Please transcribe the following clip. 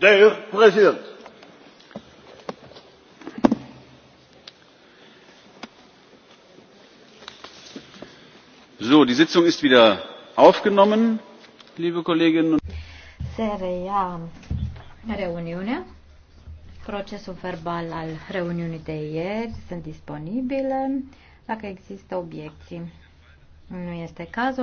Der Präsident. So, die Sitzung ist wieder aufgenommen, liebe Kolleginnen und Kollegen. reuniunea. Procesul verbal al reuniunii de ieri sunt disponibile dacă există obiecții. Nu este cazul.